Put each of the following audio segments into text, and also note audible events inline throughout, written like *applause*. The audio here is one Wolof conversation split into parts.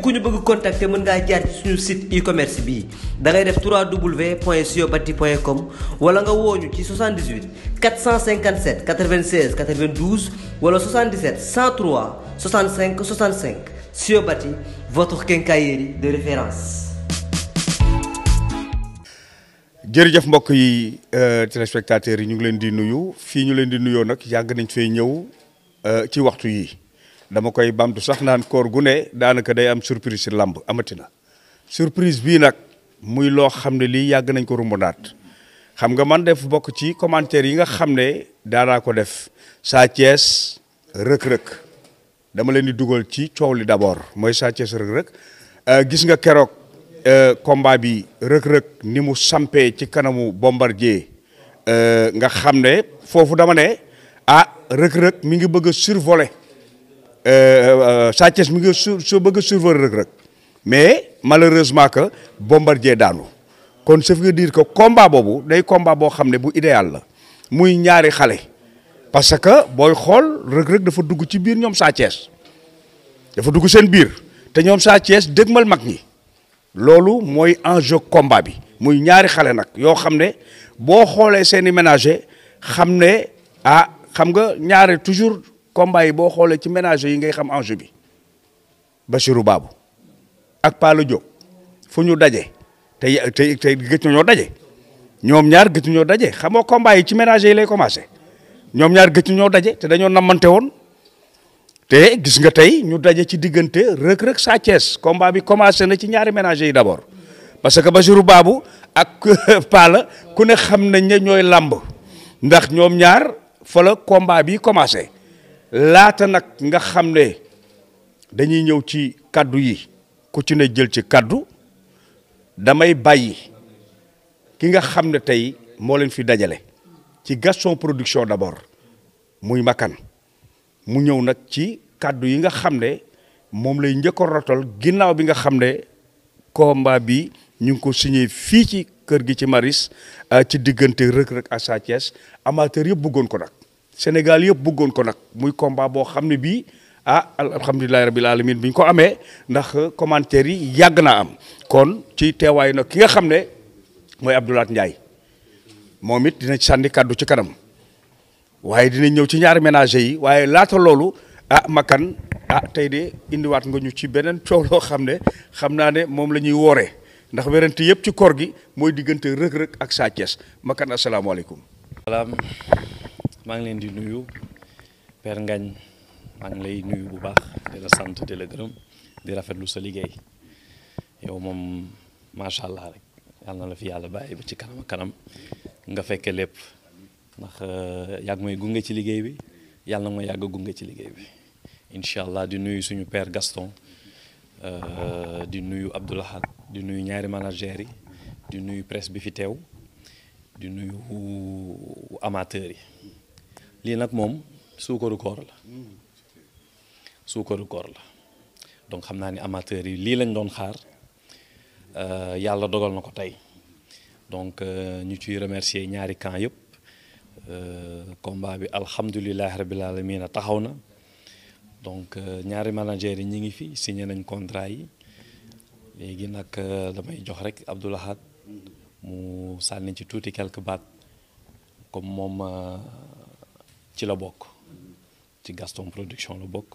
képp ku ñu bëgg contacter mën ngaa jaar ci suñu site e-commerce bii da ngay def 3w point siobati point com wala nga wooñu ci 78 457 96 92 wala 77 103 65 65 siobati votre quincaillerie de référence. jërëjëf mbokk yi euh, téléspectateurs yi ñu ngi leen di nuyu fii ñu leen di nuyoo nag yàgg nañ fay ñëw euh, ci waxtu yi dama koy bamtu sax naan koor gu ne daanaka day am surprise si làmb amati na surprise bii nag muy loo xam ne lii yàgg nañ ko rumbanaat xam nga man def bokk ci commentaire yi nga xam ne daanaa ko def Sa Thiès rëk-rëk dama leen di dugal ci coow li d'abord mooy Sa Thiès rëk-rëk euh, gis nga keroog euh, combat bi rëk ni mu sampee ci kanamu bombardier euh, nga xam ne foofu dama ne ah rëk-rëk mi ngi bëgg a survoler Euh, euh, Sa Thiès mi ngi su su bëgg a surveiller Reug Reug mais malheureusement que Bombardier daanu kon ça veut dire que combat boobu day combat boo xam ne bu idéal la muy ñaari xale parce que booy xool Reug Reug dafa dugg ci biir ñoom Sa dafa dugg seen biir te ñoom Sa Thiès dëgmal mag ñi loolu mooy enjeu combat bi muy ñaari xale nag yoo xam ne boo xoolee seen i ménager xam ne ah xam nga ñaare toujours combat yi boo xoolee ci ménage yi ngay xam enjeu bi Bachirou Babou ak Paalo jo fu ñu daje tey tey tey gëj na ñoo daje ñoom ñaar gëj ñoo daje xam nga combat ci ménage yi lay commencé ñoom ñaar gëj ñoo daje te dañoo namante woon te gis nga tey ñu daje ci diggante Reug Reug Sa Thiès combat bi commencé na ci ñaari ménage yi d'abord parce que Bachirou Babou ak *laughs* Paala ku ne xam nañ ne ñooy làmb ndax ñoom ñaar fala la combat bi commencé. laata nag nga xam ne dañuy ñëw ci kaddu yi ku ci ne jël ci kaddu damay bàyyi ki nga xam ne tey moo leen fi dajale ci Gaston Production d'abord muy Makan mu ñëw nag ci kaddu yi nga xam ne moom lay njëkk a rotal ginnaaw bi nga xam ne combat bi ñu ngi ko signé fii ci kër gi ci Maris ah, ci diggante Reug Reug ak Sa Thiès amateur yëpp bëggoon ko nag Sénégal yëpp bëggoon ko nag muy combat boo xam ne bii ah alhamdulilahi rabil alamin bi ñu ko amee ndax commentaire yi yàgg naa am kon ci teewaayu nag ki nga xam ne mooy Abdoulaat Ndiaye moom it dina sànni kàddu ci kanam waaye dina ñëw ci ñaari ménager yi waaye laata loolu ah Makan ah tey de indiwaat nga ñu ci beneen coow loo xam ne xam naa ne moom la ñuy wooree ndax werante yëpp ci koor gi mooy diggante Reug Reug ak Sa Thiès Makan asalaamaaleykum. salaam. maa ngi leen di nuyu per ngañ maa ngi lay nuyu bu baax di la sant di la gërëm di rafetlu sa liggéey yow moom macha allah rek yal la fi yàlla bàyyi ba ci kanam kanam nga fekke lépp ndax euh, yàgg mooy gunge ci liggéey bi yàlla na ma ci liggéey incha allah di nuyu suñu per Gaston euh, di nuyu Abdoulahad di nuyu ñaari managers yi di nuyu presse bi fi teew di nuyu amateurs yi. lii nag moom suukaru koor la suukaru koor la donc xam naa ni amateurs yi lii lañ doon xaar euh, yàlla dogal na ko tey donc euh, ñu ciy remercier ñaari camp yëpp euh, combat bi alhamdulilah rabil aalamiina taxaw na donc ñaari manager yi ñu ngi fi signé nañ contra yi léegi nag damay jox rek Abdou Lahad mu sànni ci tuuti quelques baat comme moom. ci la bokk ci Gaston Production la bokk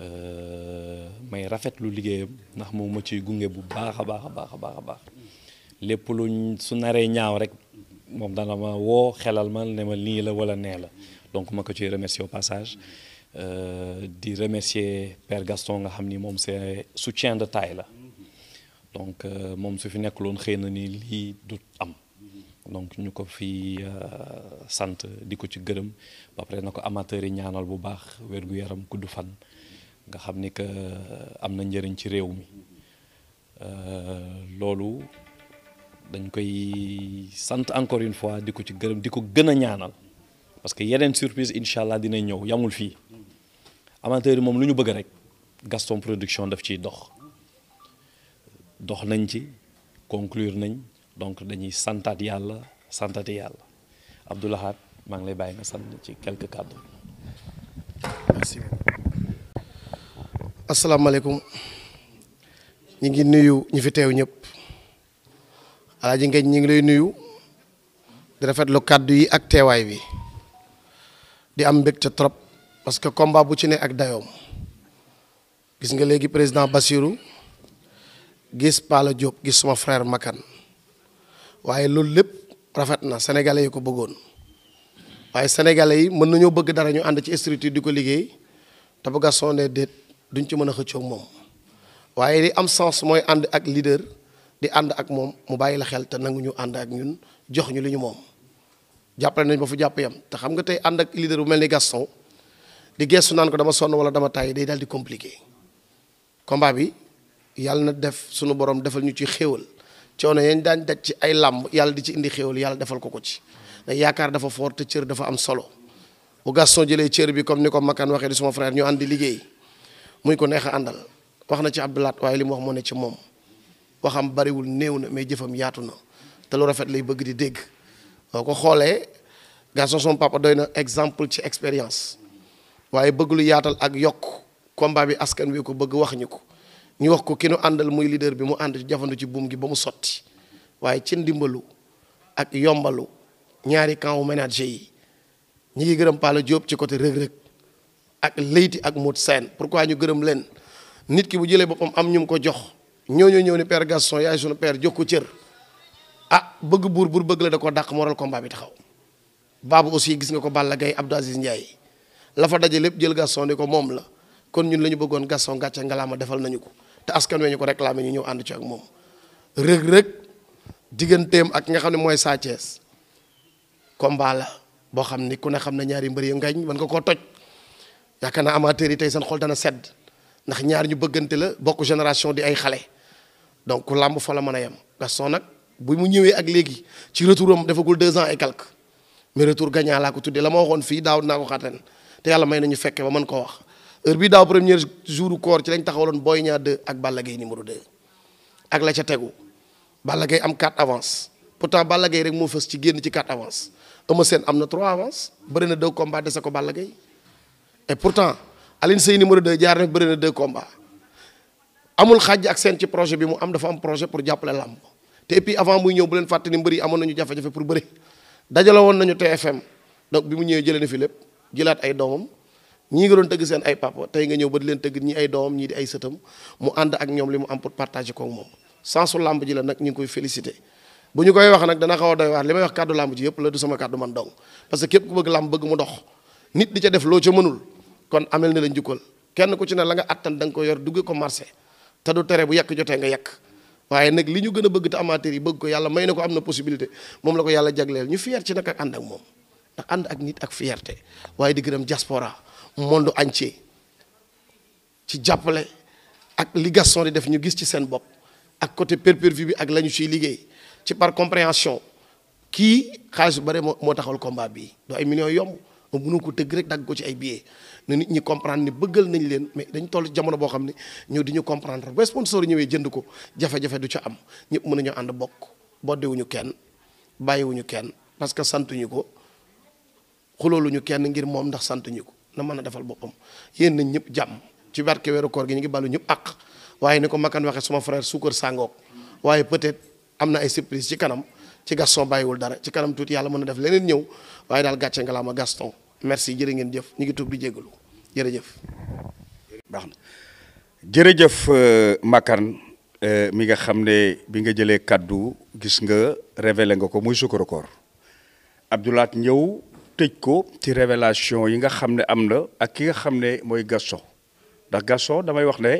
euh, may rafetlu liggéeyam ndax moom ma ci gunge bu baax a baax a baax a baax a baax lépp lu su naree ñaaw rek moom dana ma woo xelal ma ne ma nii la wala nee la donc ma ko ciy remercier au passage euh, di remercier Père Gaston nga xam ni moom c'est soutien de taille la donc euh, moom su fi nekk loon xëy na nii lii du am donc ñu ko fi euh, sant di ko ci gërëm ba pare na ko amateur yi ñaanal bu baax wér-gu-yaram kuddu fan nga xam ni que euh, am na njëriñ ci réew mi euh, loolu dañ koy sant encore une fois di ko ci gërëm di ko gën a ñaanal parce que yeneen surprise incha allah dina ñëw yamul fii amateur yi moom lu ñu bëgg rek Gaston Production def ciy dox dox nañ ci conclure nañ donc dañuy santaat yàlla santaate yàlla Abdou Lahad maa ngi lay bàyyi nga sant ci quelques cadres. merci. ñu ngi nuyu ñi fi teew ñëpp Alaaji Ngeen ñi ngi lay nuyu di rafetlu kàddu yi ak teewaay bi di am mbégte trop parce que combat bu ci ne ak dayoom gis nga léegi président Bassirou gis Pala Diop gis suma frère Makan. waaye loolu lépp rafet na sénégalais yi ko bëggoon waaye sénégalais yi mën nañoo bëgg dara ñu ànd ci structure di ko liggéey te bu Gaston ne déet duñ ci mën a xëccoo moom waaye li am sens mooy ànd ak leader di ànd ak moom mu bàyyi la xel te nangu ñu ànd ak ñun jox ñu li ñu moom jàppale nañ ba fu jàpp yam te xam nga tey ànd ak leader bu mel ni Gaston di gestu naan ko dama sonn wala dama tàyyi day daal di compliqué combat bi yàlla na def sunu borom defal ñu ci xéewal coono yañ daan daj ci ay làmb yàlla di ci indi xéwal yàlla defal ko ko ci ndax yaakaar dafa fort te cër dafa am solo bu Gaston jëlee cër bi comme ni ko Makan waxee di suma frère ñu ànd di liggéey muy ko neex àndal wax na ci laat waaye li mu wax moo ne ci moom waxam bariwul néew na mais jëfam yaatu na te lu rafet lay bëgg di dégg boo ko xoolee Gaston son papa doy na exemple ci expérience waaye bëgg lu yaatal ak yokk combat bi askan wi ko bëgg wax ñu ko ñu wax ko ki nu àndal muy leader bi mu ànd jafandu ci buum gi ba mu sotti waaye ci ndimbalu ak yombalu ñaari camp ménager yi ñi ngi gërëm Pala Diop ci côté rëg-rëg ak Leyti ak Mout Sène pourquoi ñu gërëm leen nit ki bu jëlee boppam am ñu mu ko jox ñooñu ñëw ni père Gaston yaay sunu père jox ko cër ah bëgg buur buur bëgg la de ko dàq moral combat bi taxaw baabu aussi gis nga ko Balla Gaye Abdou Aziz Ndiaye la fa daje lépp jël Gaston ni ko moom la kon ñun la ñu bëggoon Gaston gàcce ngalaama defal nañu ko te askan wi ñu ko réclamé ñu ñëw ànd ci ak moom rëg-rëg digganteem ak nga xam ne mooy Sa Thiès combat la boo xam ni ku ne xam ne ñaari mbër yi ngañ mën nga koo toj yaakaar naa amateurs yi tey seen xol dana sedd ndax ñaar ñu bëggante la bokk génération di ay xale donc làmb fa la mën a yem Gaston nag bu mu ñëwee ak léegi ci retour am defagul deux ans et quelques mais retour gagnant laa ko tuddee la ma waxoon fii daaw naa ko xaatan te yàlla may nañu fekke ba mën koo wax heure bi daaw premier jour koor ci lañ taxawaloon Boy Niang 2 ak Balla Gaye numéro 2 ak la ca tegu Balla Gaye am 4 avance pourtant Balla Gaye rek moo fës ci génn ci 4 avance Eumeu Sène am na 3 avance bëri na 2 combats dese ko Balla Gaye et pourtant Aline Seye numéro 2 jaar na bëri na 2 combats amul xaaj ak seen ci projet bi mu am dafa am projet pour jàppale làmb te et puis avant muy ñëw bu leen fàtte ni mbër amoon nañu jafe-jafe pour bëri dajale woon nañu TFM donc bi mu ñëwee jëlee na fi lépp jëlaat ay doomam. ñii nga doon tëgg seen ay papa tey nga ñëw ba di leen tëgg ñi ay doomam ñii di ay sëtam mu ànd ak ñoom li mu am pour partager ko moom sensu làmb ji la nag ñu ngi koy félicité bu ñu koy wax nag dana xaw a doy waar li may wax kàddu làmb ji yëpp la du sama kàddu man dong parce que képp ku bëgg làmb bëgg mu dox nit di ca def loo ca mënul kon amel na la njukkal kenn ku ci ne la nga attan da nga ko yor dugge ko marché te du tere bu yekk jotee nga yekk waaye nag li ñu gën a bëgg te amateur yi bëgg ko yàlla may na ko am na possibilité moom la ko yàlla jagleel ñu fier ci nag ak ànd ak moom ànd ak nit ak fierté waaye di gërëm diaspora monde entier ci jàppale ak li Gaston di def ñu gis ci seen bopp ak côté pay-per-view bi ak la ñu ciy liggéey ci par compréhension kii xaalis bu bari moo taxawal combat bii du ay millions yomb ma mënu ko dëgg rek dagg ko ci ay billets na nit ñi comprendre ni bëggal nañ leen mais dañ toll jamono boo xam ne ñoo di ñu comprendre ba sponsor ñëwee jënd ko jafe-jafe du ca am ñëpp mën nañoo ànd bokk boddewuñu kenn bàyyiwuñu kenn parce que santuñu ko xulooluñu kenn ngir moom ndax santuñu ko na mën a defal boppam yéen nañ ñëpp jàmm ci barke weeru koor ñu ngi balu ñëpp àq waaye ni ko Makan waxee suma frère suukar sàngoog waaye peut-être am na ay surprise ci kanam ci Gaston bàyyiwul dara ci kanam tuuti yàlla mën na def leneen ñëw waaye daal gàcce nga laa ma Gaston merci jërë ngeen jëf ñu ngi tuub di jégalu jërëjëf. baax na jërëjëf euh, Makan euh, mi nga xam ne bi nga jëlee kàddu gis nga révélé nga ko muy sukkaru koor Abdoulaat ñëw tëj ko ci révélation yi nga xam ne am na ak ki nga xam ne mooy gasto ndax gasto damay wax ne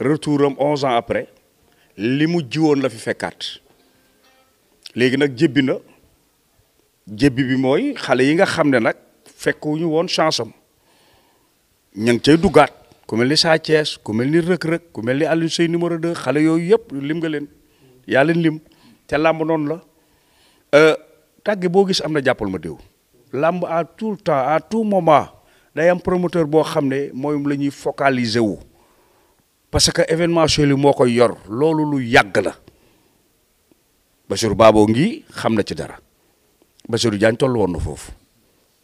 retour am 11 après li mu jiwoon la fi fekkaat léegi nag jébbi na jébbi bi mooy xale yi nga xam ne nag fekkuñu woon chance am ña ngi cay duggaat ku mel ni Sa ku mel ni Reug Reug ku mel ni Alioune Seye numéro 2 xale yooyu yëpp lim nga leen yaa leen lim te làmb noonu la euh, tàgge boo gis am na jàppal ma déw làmb à tout temps à tout moment day am promoteur boo xam ne mooyu la ñuy focaliser wu parce que événementiel yi moo koy yor loolu lu yàgg la Bassirou Baabo ngi xam na ci dara Bassirou Diagne toll woon na foofu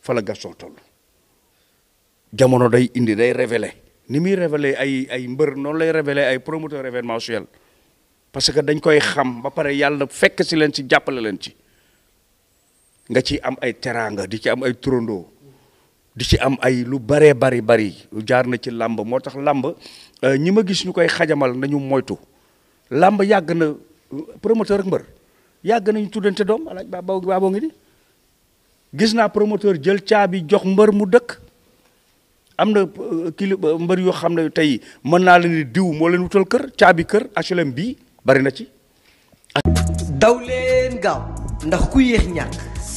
fa la Gaston toll jamono day indi day révéler ni muy révéler ay ay mbër noonu lay révéler ay promoteur événementiel parce que dañ koy xam ba pare yàlla fekk si leen ci jàppale leen ci nga ci am ay teraanga di ci am ay turandoo di ci am ay lu baree bari bari jaar na ci làmb moo tax làmb euh, ñi ma gis ñu koy xajamal nañu moytu làmb yàgg na promoteur ak mbër yàgg nañu tuddante doom alaaj ba baaboo ngi di gis naa promoteur jël caabi jox mbër mu dëkk am na euh, kili euh, mbër yoo xam ne tey mën naa leen di diw moo leen wutal kër caabi kër HLM bii bari na ci daw leen gaaw ndax ku yéex ñàkk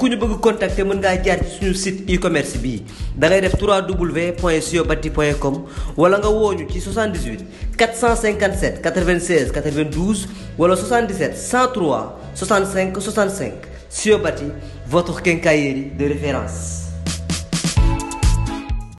ku ñu bëgg contacter mën ngaa jaar ci suñu site e-commerce bii da ngay def www.siobati.com wala nga wooñu ci 78 457 96 92 wala 77 103 65 65 Siobati votre quincaillerie de référence.